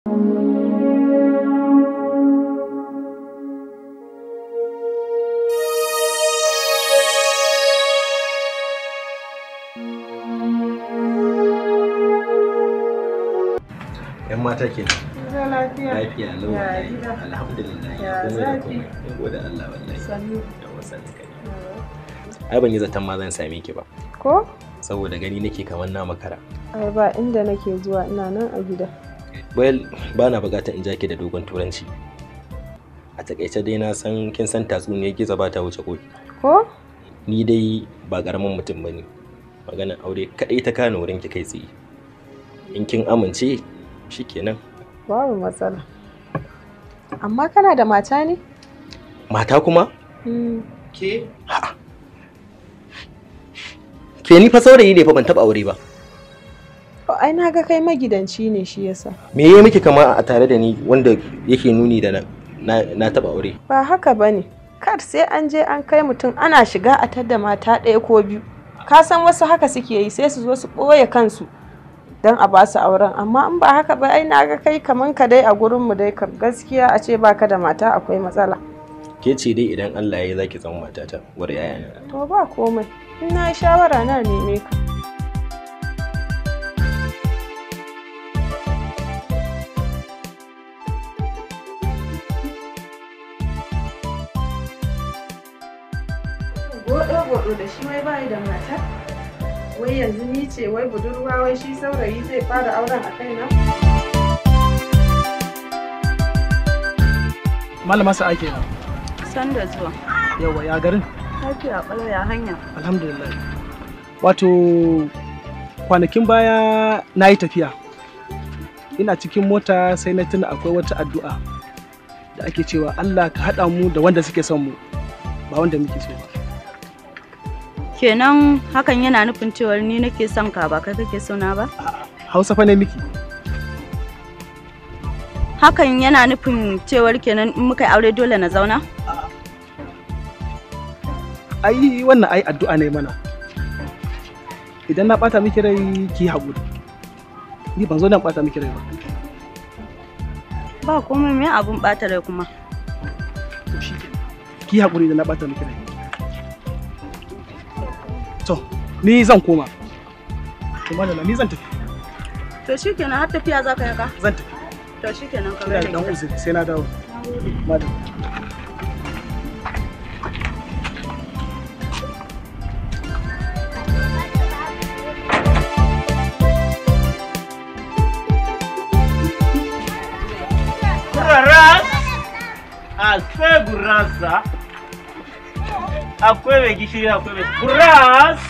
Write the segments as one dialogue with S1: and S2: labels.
S1: 'yan
S2: mata ke
S3: lafiya lau alhamdulillah ya kuma ya kuma
S2: ya gode Allah wallahi
S4: da wasan kai
S2: ai ban yi zaton ma zan same ki ba ko saboda gani nake kamar na makara
S4: ai ba inda nake zuwa ina nan a gida
S2: well ba na bukatar in jake da dogon turanci a takaice dai na san kin san tatsuniyar gizo ba ta wuce koki ko ni dai ba karamin mutum ba ne maganar aure kaɗai ta kano wurin ki kai tsaye in kin amince shikenan
S4: babu matsala amma kana da mata ne mata kuma hmm.
S2: ke ha ke ni fa saurayi ne fa ban taba aure ba
S4: ai na ga kai magidanci ne shi yasa.
S2: Me yayi miki kama a tare da ni wanda yake nuni da na na taba aure?
S4: Ba haka bane. Kar sai an je an kai mutum ana shiga a da mata ɗaya ko biyu. Ka san wasu haka suke yi sai su zo su ɓoye kansu don a ba su auren amma in ba haka ba ai na ga kai kaman ka dai a gurin mu dai gaskiya a ce baka da mata akwai matsala.
S2: Ke ce dai idan Allah ya yi zaki zama matata war yayana.
S4: To ba komai. In shawara na neme ka. faru da shi wai bai da mata wai yanzu ni ce wai budurwa wai shi saurayi zai fara auren a na?
S2: malama ake kenan san da zuwa yawa ya garin
S4: lafiya ɓalau ya hanya
S2: alhamdulillah wato kwanakin baya na yi tafiya ina cikin mota sai na tuna akwai wata addu'a da ake cewa Allah ka haɗa mu da wanda suke son mu ba wanda muke so ba
S4: kenan hakan yana nufin cewar ni nake son ka ba kai kake so na ba
S2: hausa fa ne miki
S4: hakan yana nufin cewar kenan in muka aure dole na zauna
S2: ai wannan ai addu'a ne mana idan na bata miki rai ki haƙuri ni ban zo nan bata miki rai ba
S4: ba komai me abun bata rai kuma
S2: ki haƙuri da na bata miki rai ni zan koma
S3: to madalla ni zan tafi
S4: to shikenan har tafiya za ka yaka zan tafi to shikenan ka ga dan uzuri sai na dawo madalla
S3: Akwai gishiri akwai kuras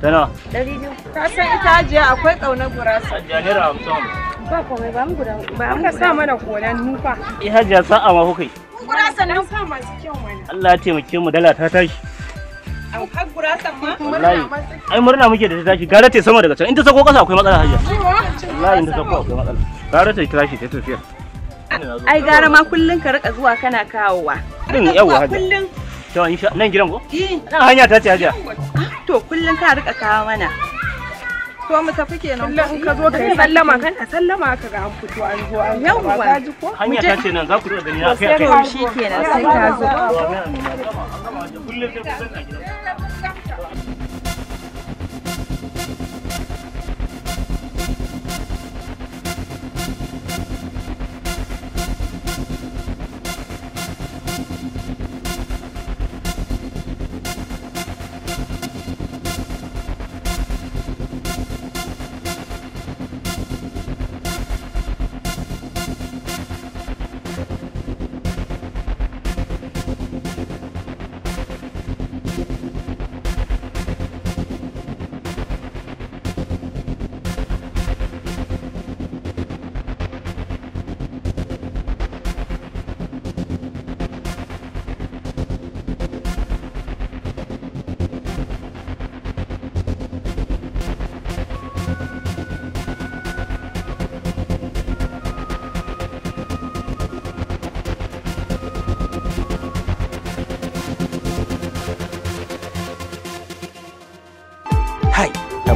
S3: Tana?
S4: Ɗari biyu. Ka san ita ajiya akwai ƙaunar gurasa. Ajiya naira hamsin. Ba komai ba mu guda ba mu sa mana koran nufa.
S3: Eh hajiya sa'a ma kuka yi.
S4: Gurasan nan sa masu kyau mana. Allah ya
S3: taimake mu dala ta tashi.
S4: Au har gurasan ma murna
S3: Ai murna muke da ta tashi. Gara ta sama daga can. In ta sako ƙasa akwai matsala hajiya. Wallahi in ta sako akwai matsala. Gara ta tashi ta tafiya.
S4: Ai gara ma kullun ka rika zuwa kana kawowa. Din yawa hajiya. Kullun.
S3: To insha nan gidan ko?
S4: Eh. Nan hanya ta ce hajiya. to kullum ka rika kawo mana to mu tafi kenan ko in ka zo ka sallama kan ka sallama ka ga an fito an zo an yawa ka ji ko hanya
S3: ta ce nan za ku rika gani na kai kai shi kenan sai ka zo kullum sai
S4: ku sanna gidan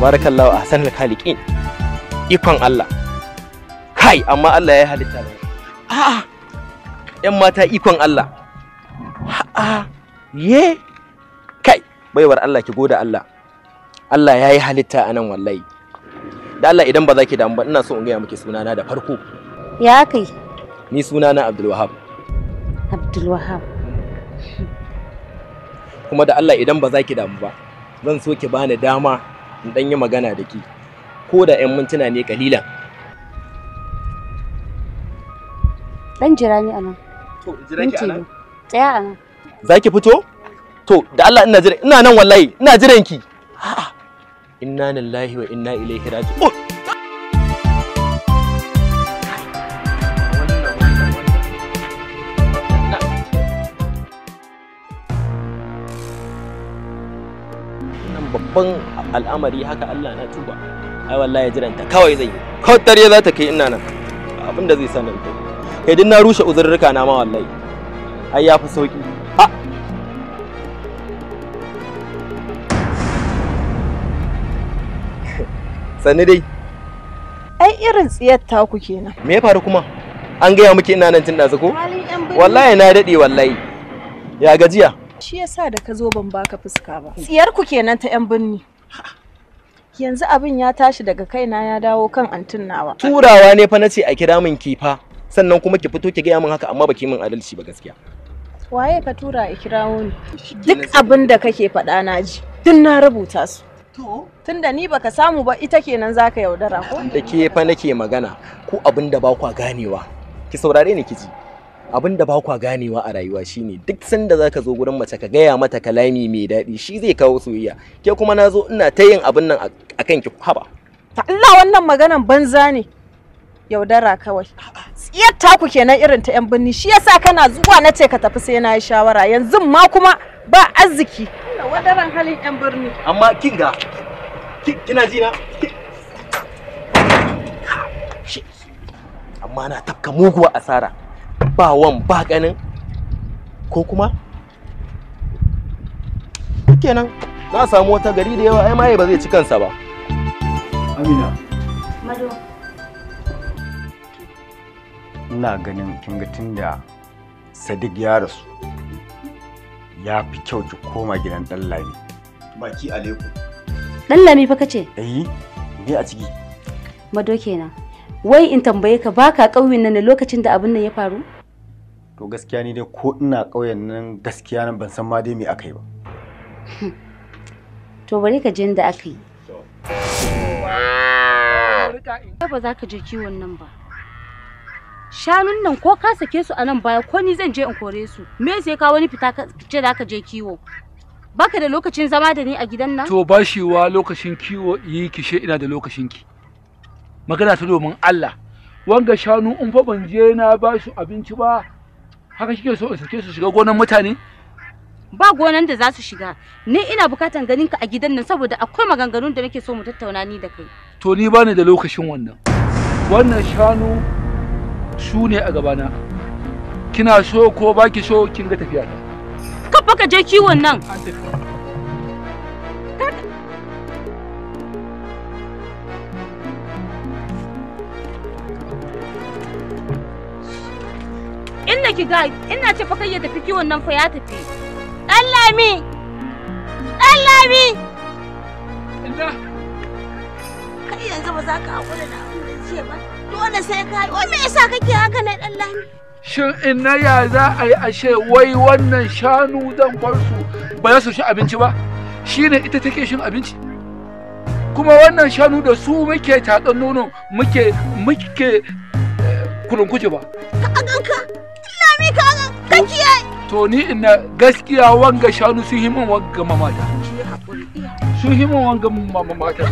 S2: tabarakallahu sanar khaliqin ikon Allah kai amma Allah ya halitta ne a'a yan mata ikon Allah a'a ye kai baiwar Allah ki goda Allah Allah ya yi halitta a nan wallahi da Allah idan ba za ki damu ba ina so in gaya miki sunana da farko ya kai ni sunana Abdul Wahab
S4: Abdul Wahab
S2: kuma da Allah idan ba za ki damu ba zan so ki bani dama in dan yi magana da ke, ko da 'yan mintuna ne kalilan
S4: dan jira ni anan to jira ki anan tsaya anan
S2: zaki fito to da Allah ina jira ina nan wallahi ina jiran ki a'a inna lillahi wa inna ilaihi raji'un nan babban al'amari haka Allah na tuba ai wallahi jiranta kawai zai yi kawai dare za ta kai ina nan abin da zai sa nan kai din na rushe uzurruka na ma wallahi ai ya fi sauki sani dai
S4: ai irin tsiyar ku kenan
S2: me ya faru kuma an gaya miki ina nan tun ɗazu ko wallahi na daɗe wallahi ya gajiya
S4: Shi yasa da ka zo ban baka fuska ba. Hmm. Tsiyar ku kenan ta 'yan birni. Yanzu abin ya tashi daga kaina ya dawo kan antin nawa. Turawa
S2: ne fa nace a kira min kifa sannan kuma ki fito ki gaya min haka amma baki min adalci ba gaskiya.
S4: Waye ka tura a kirawo ni? Duk abin da kake faɗa na ji. Tun na rubuta su. To? Tunda ni baka samu ba ita kenan zaka yaudara ko? Da
S2: ke fa nake magana. ko abin da ba kwa ganewa. Ki saurare ni ki ji. abin da ba kwa ganewa a rayuwa shine duk sanda zaka zo gurin mace ka gaya mata kalami mai daɗi shi zai kawo soyayya ke kuma na zo ina ta yin abin nan a kan ki haba
S4: Allah wannan maganan banza ne yaudara kawai tsiyar taku kenan irin ta yan birni shi yasa kana zuwa na ce ka tafi sai na yi shawara yanzu ma kuma ba arziki
S2: wadaran halin yan birni amma na tafka muguwa asara ba wan ba ganin ko kuma kenan a samu wata gari da yawa ai maye ba zai ci kansa ba amina
S4: mado
S3: ina ganin kin ga tunda sadiq ya rasu ya fi kyau ki koma gidan dallami baki aleku
S4: dallami fa kace
S3: eh ni a ciki
S4: mado kenan wai in tambaye ka baka ƙauyen nan lokacin da abin nan ya faru
S3: to gaskiya ni dai ko ina ƙauyen nan gaskiya nan ban san ma dai me aka yi ba
S4: to bari ka jin da aka yi ba za ka je kiwon nan ba shanun nan ko ka sake su a nan baya ko ni zan je in kore su me sai ka wani fita ce da ka je kiwo baka da lokacin zama da ni a gidan nan to
S1: wa lokacin kiwo yi kishe ina da lokacin ki magana ta domin Allah wanga shanu in fa ban je na ba su abinci ba haka kike so sake su shiga gonan mutane
S4: ba gonan da za su shiga ni ina bukatan ganin ka a gidan nan saboda akwai maganganun da nake so mu tattauna ni da kai
S1: to ni bani da lokacin wannan wannan shanu su ne a gabana kina so ko baki so kin ga tafiya ka
S4: kafa ka je kiwon nan ki ga ina ce fa kai ya tafi kiwon nan fa ya tafi. Dan Lami. Dan Lami. Inda. Kai yanzu ba za ka hakura da abin da ce ba. Dole sai ka yi. Wai me yasa kake haka ne Dan Lami?
S1: Shin ina ya za a yi ashe wai wannan shanu zan bar su ba za su ci abinci ba? Shine ita take shin abinci? kuma wannan shanu da su muke tatsan nono muke muke eh, kurunkuce ba. Ka ganka kaga gaskiya to ni ina gaskiya wanga shanu sun himin wanga mamata sun himin wanga mamata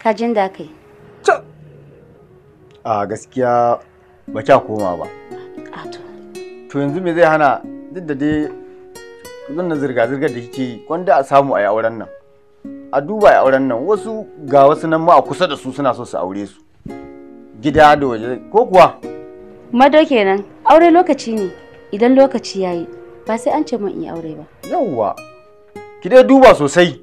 S4: kajin da kai.
S3: A gaskiya ba kya koma ba. To yanzu me zai hana duk da dai wannan zirga-zirgar da kike yi wanda a samu a yi auren nan a duba a auren nan wasu ga wasu nan ma a kusa da su suna so su aure su gida da waje ko kuwa
S4: mado kenan aure lokaci ne idan lokaci yayi ba sai an ce mun in aure ba
S3: yawwa ki dai duba sosai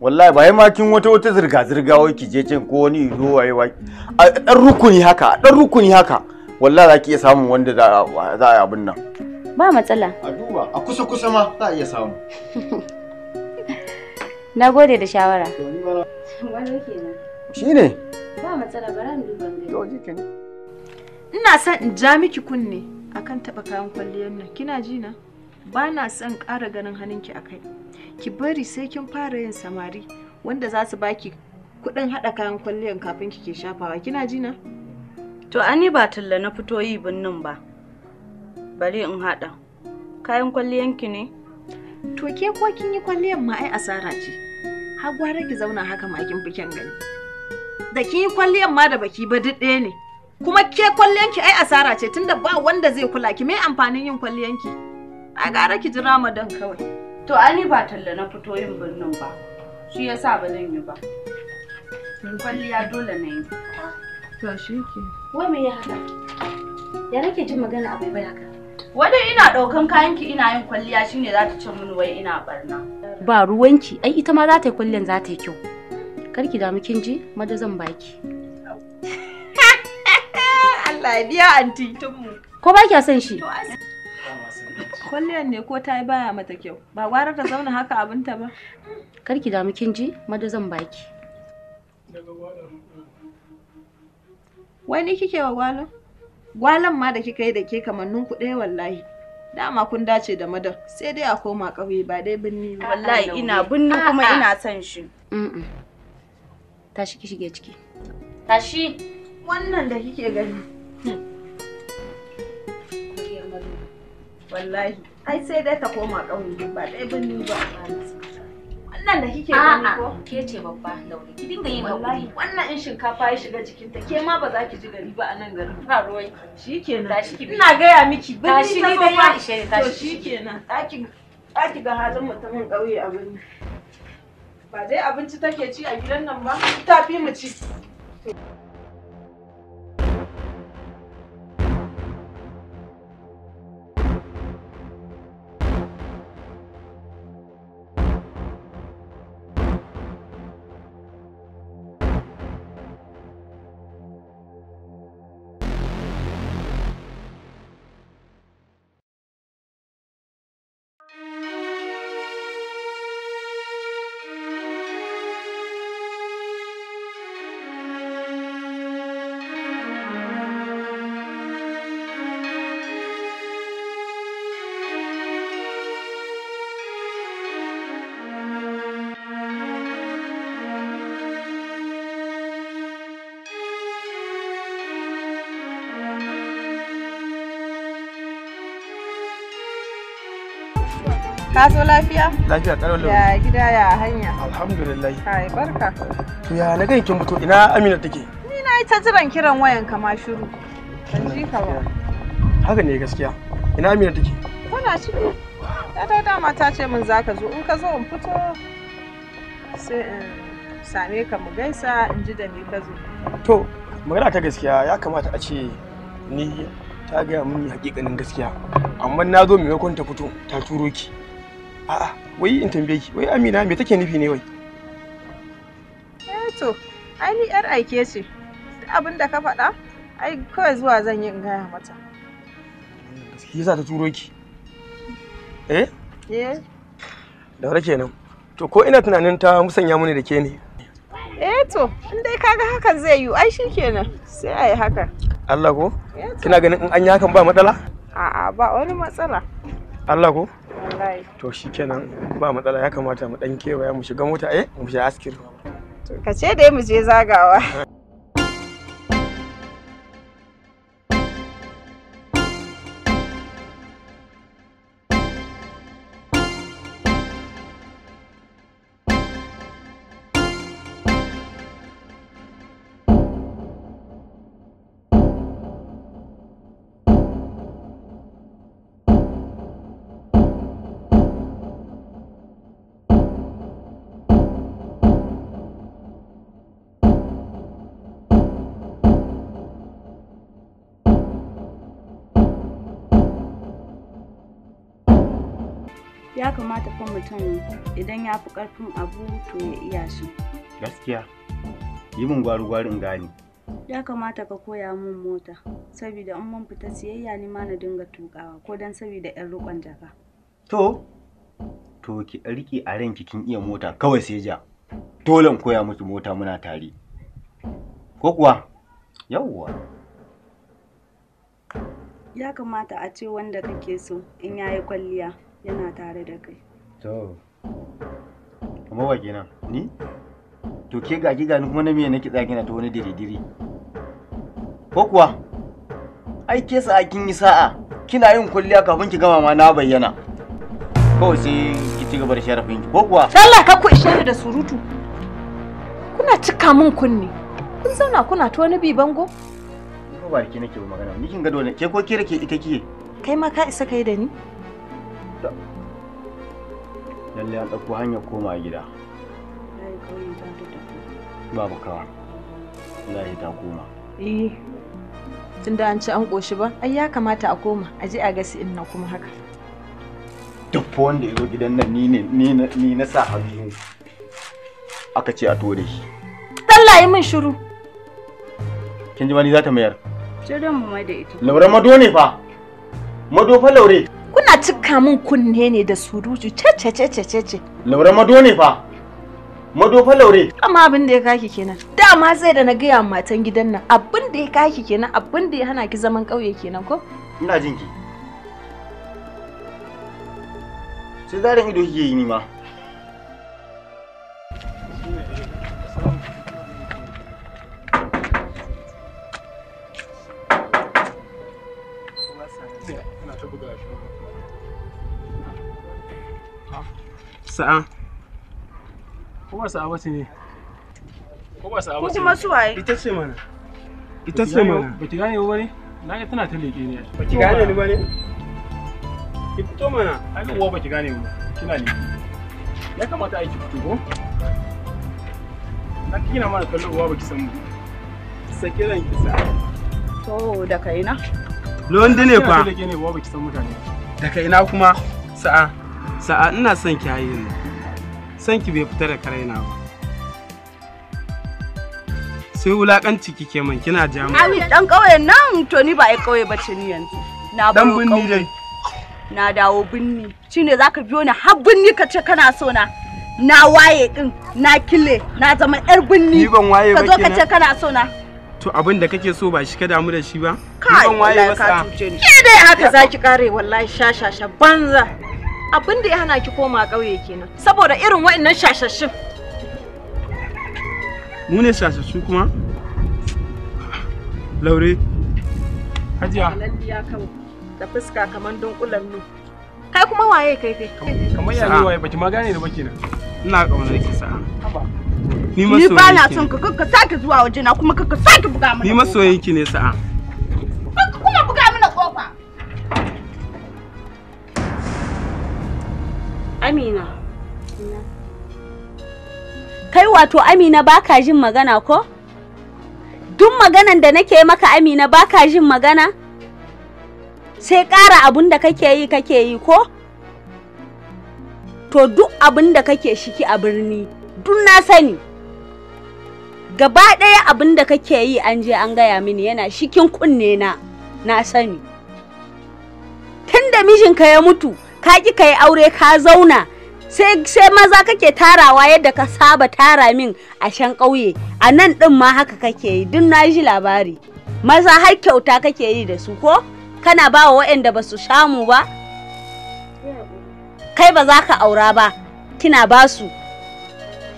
S3: wallahi ba ma kin wata wata zirga zirga wai ki je can ko wani zo waye wai a dan rukuni haka dan rukuni haka wallahi za ki iya samun wanda za a yi abin nan
S4: Ba matsala. A duba, a kusa-kusa ma za a iya samu. Na gode da shawara. Shi ne? Ba matsala, bara mu duba ne. Yau jike ne. Ina son in ja miki kunne akan taɓa kayan kwalliyar nan. Kina ji na? Ba na son ƙara ganin hannunki a kai. Ki bari sai kin fara yin samari wanda za su baki kuɗin haɗa kayan kwalliyar kafin kike shafawa. Kina ji na? To ani ba talla na fito yi binnin ba. bari in haɗa. Kayan kwalliyanki ne? To ke ko kin yi kwalliyan ma ai asara ce. Har gwara ki zauna haka ma kin fi kyan gani. Da kin yi kwalliyan ma da baki ba duk ɗaya ne. Kuma ke kwalliyanki ai asara ce tunda ba wanda zai kula ki me amfanin yin kwalliyanki? A gara ki jira dan kawai. To ani ba talla na fito yin birnin ba. Shi yasa ba zan yi ba. Kwalliya dole na yi. To shi ke. Wai me ya haɗa? Ya nake jin magana abai bai haka? Wani ina ɗaukan kayanki ina yin kwalliya shine za ta ce mini wai ina barna. Ba ruwanki, ai ita ma za ta yi kwalliyan za ta yi kyau. Kar ki damu kin ji, mada zan baki. Allah ya biya anti tunmu Ko ba kya son shi? Kwalliyan ne ko ta yi baya mata kyau. Ba gwara ta zauna haka abinta ba. Kar ki damu kin ji, mada zan baki. Wani kike wa gwalo? Gwalan ma da kika yi da ke kamannin ku ɗaya wallahi. Dama kun dace da madar sai dai a koma ƙauye ba dai binni ba. Wallahi ina binni kuma ina son shi. Tashi ki shige ciki. Tashi. Wannan da kike gani. Wallahi ai sai dai ta koma ƙauye ba dai binni ba. wannan da kike gani ko ke ce babba lauri ki dinga yin hakuri wannan in shinkafa ya shiga cikin ta ke ma ba za ki ji gari ba a nan garin ba shikenan tashi ki ina gaya miki bin ni ta fa ishe ne tashi shikenan daki ga halin mutumin kauye a ba dai abinci take ci a gidan nan ba ta fi mu ci Ka zo lafiya? Lafiya ƙarar Ya gida ya hanya. Alhamdulillah. Kai barka.
S3: To ya na gani kin fito ina Amina take?
S4: Ni na yi ta jiran kiran wayan ka ma shiru. Ban ji ka ba.
S3: Haka ne gaskiya. Ina Amina take?
S4: Kuna ciki. Ta ta dama ta ce min zaka zo in ka zo in fito sai in same ka mu gaisa in ji da ni ka zo.
S3: To magana ta gaskiya ya kamata a ce ni ta gaya mini hakikanin gaskiya amma na zo maimakon ta fito ta turo ki A'a, wai in tambaye ki, wai Amina me take nufi ne wai?
S4: Eh to, ai ni yar aike ce. Abin da ka faɗa, ai kawai zuwa zan yi in gaya mata.
S3: Ki yasa ta turo ki. Eh? Eh. wara kenan. To ko ina tunanin ta musanya mini da ke ne.
S4: Eh to, in dai kaga hakan zai yiwu, ai kenan Sai ai haka. Allah ko? Eh Kina
S3: ganin in an yi hakan ba matsala?
S4: A'a, ba wani matsala.
S3: Allah ko? to shi kenan ba matsala ya kamata mu dan kewaya mu shiga mota eh mu shiga askin
S4: ka ce da mu je zagawa ya kamata fa mutum idan ya fi ƙarfin abu to ya iya shi
S3: gaskiya yi min gwari-gwari in gane
S4: ya kamata ka koya min mota saboda in mun fita siyayya ni ma na dinga tukawa ko dan saboda yan rukon jaka
S3: to to ki riki a ranki kin iya mota kawai sai ja dole lan koya miki mota muna tare ko kuwa yawwa
S4: ya kamata a ce wanda kake so in yayi kwalliya yana tare da kai
S3: to kuma wa kenan ni to ke ga gani kuma na me nake tsagina ta wani diri-diri. ko kuwa ai ke sa kin yi sa'a kina yin kulliya kafin ki gama ma na bayyana kawai sai ki ci gaba da sharafin ki ko kuwa
S4: Allah ka ku ishe da surutu kuna cika min kunne kun zauna kuna ta wani bi bango
S3: ko ba ki nake magana ni kin ga dole ke ko ke rake ita kiye
S4: kai ma ka isa kai da ni
S3: lalle an ɗauko hanyar koma gida babu kawa lahi ta koma
S4: eh tun da an ci an ƙoshi ba ai ya kamata a koma a je a ga in na kuma haka
S3: duk wanda ya zo gidan nan ni ne ni na sa hannu aka ce a tore shi
S4: Allah yi min shiru
S3: kin ji ma ni za ta mayar
S4: shirin mu mai da ita
S3: laure mado ne fa mado fa laure
S4: cika min kunne ne da suruju ce ce ce ce laure mado ne
S3: fa mado fa laure
S4: amma abin da ya kaki kenan dama zai da na gaya matan gidan nan abin da ya kaki kenan abin da ya hana ki zaman ƙauye kenan ko
S3: ina jin ki sai zarin ido kike yi ni ma sa'a ko ba sa'a bace ne ko ba sa'a bace kuma su ita ce mana ita ce mana gane ba ne na ga tana ta ne baki gane ni ba ne ki fito mana ai uwa baki gane ba kina ya kamata ai ki fito ko na kina mana kallon uwa baki san mu sake ran ki sa
S1: to da kaina London ne fa daga ina kuma
S2: sa'a sa'a ina son ki haye ni son ki bai fita da karaina ba
S3: sai wulakanci kike man kina ja
S2: mu Ami
S4: dan kauye nan to ni ba ai kauye bace ni yanzu na dan binni dai na dawo binni shine zaka biyo ni har binni ka ce kana so na na waye din na kile na zama yar binni ni ban waye ba ka zo ka ce kana so na
S2: to abin da kake so ba shi ka damu da shi ba
S1: ni ban waye ba sa
S4: ke dai haka zaki kare wallahi shashasha banza abin da ya hana ki koma ƙauye kenan saboda irin wa'annan shashashin
S3: mu ne shashashu kuma laure
S4: hajiya lalliya da fuska kamar dunkulan nu kai kuma waye kai kai kamar yare waye
S3: baki ma gane da baki na ina kaunar ki sa'a
S2: ni ni ba na son ka
S4: kakka sake zuwa waje na kuma kakka sake buga mana ni masoyin ki ne sa'a Amina. Kai wato Amina baka jin magana ko? Duk maganan da nake maka Amina baka jin magana? Sai ƙara abun da kake yi kake yi ko? To duk abun da kake shiki a birni, duk na sani. Gaba ɗaya abun da kake yi an je an gaya mini yana shikin kunne na, na sani. Tun da mijinka ya mutu, ka ki kai aure ka zauna sai sai maza kake tarawa yadda ka saba tara min a shan ƙauye a nan ɗin ma haka kake yi duk na ji labari maza har kyauta kake yi da su ko kana ba wa waɗanda ba su samu ba kai ba za ka aura ba kina ba su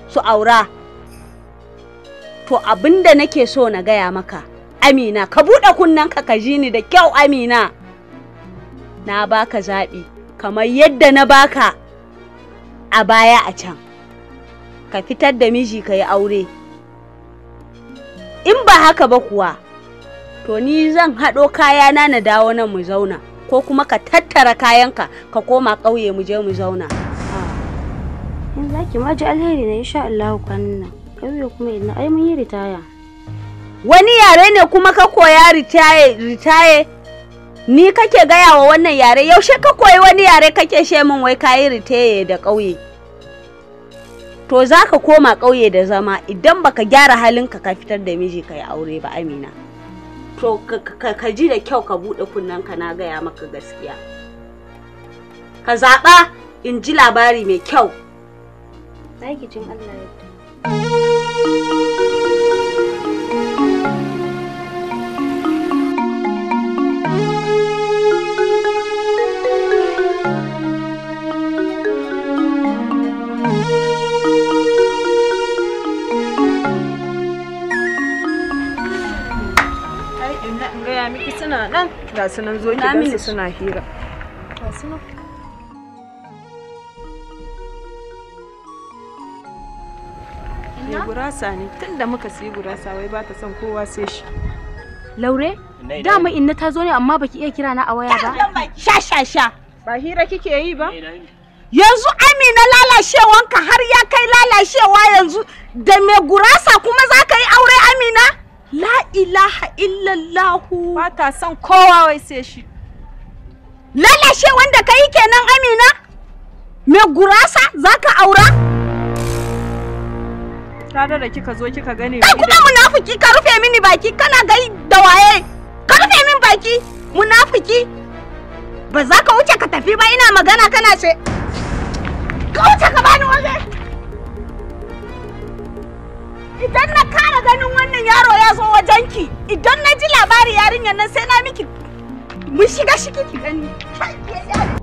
S4: su aura to abinda da nake so na gaya maka amina ka buɗe kunnen ka ka ji ni da kyau amina na baka zaɓi kamar yadda na baka a baya a can ka fitar da miji ka yi aure in ba haka ba kuwa to ni zan haɗo kayana na dawo nan mu zauna ko kuma ka tattara kayanka ka koma ƙauye mu je mu zauna ah. in za ki ma alheri na insha Allah kwanna nan ƙauye kuma ina ai mun yi ritaya wani yare ne kuma ka koya ritaye ritaye Ni kake gaya wa wannan yare yaushe ka koyi wani yare kake she min wai kayi riteye da ƙauye. To za ka koma ƙauye da zama idan baka gyara halinka ka fitar da miji ka yi aure ba Amina. To ka ji da kyau ka buɗe kunnen ka na gaya maka gaskiya. Ka zaɓa in ji labari mai kyau. jin Allah ya in gaya miki suna nan ga su nan zo ki su suna hira ga gurasa ne tun da muka siyi gurasa wai ba ta son kowa sai shi laure dama inna ta zo ne amma baki iya kira na a waya ba sha sha sha ba hira kike yi ba yanzu amina lalacewanka har ya kai lalacewa yanzu da me gurasa kuma za ka yi aure amina La ilaha illallahu. Ba ta son kowa wai sai shi. Lalashe wanda ka yi kenan Amina? Me gurasa za ka aura? Tare da kika zo kika gane. Kai kuma munafiki ka rufe mini baki kana gai da waye? Ka rufe min baki munafiki. Ba za ka wuce ka tafi ba ina magana kana ce. Ka wuce ka bani waje. idan na kara ganin wannan yaro ya zo wajenki idan na ji labari yarinyar nan sai na miki mun shiga shiki ki gani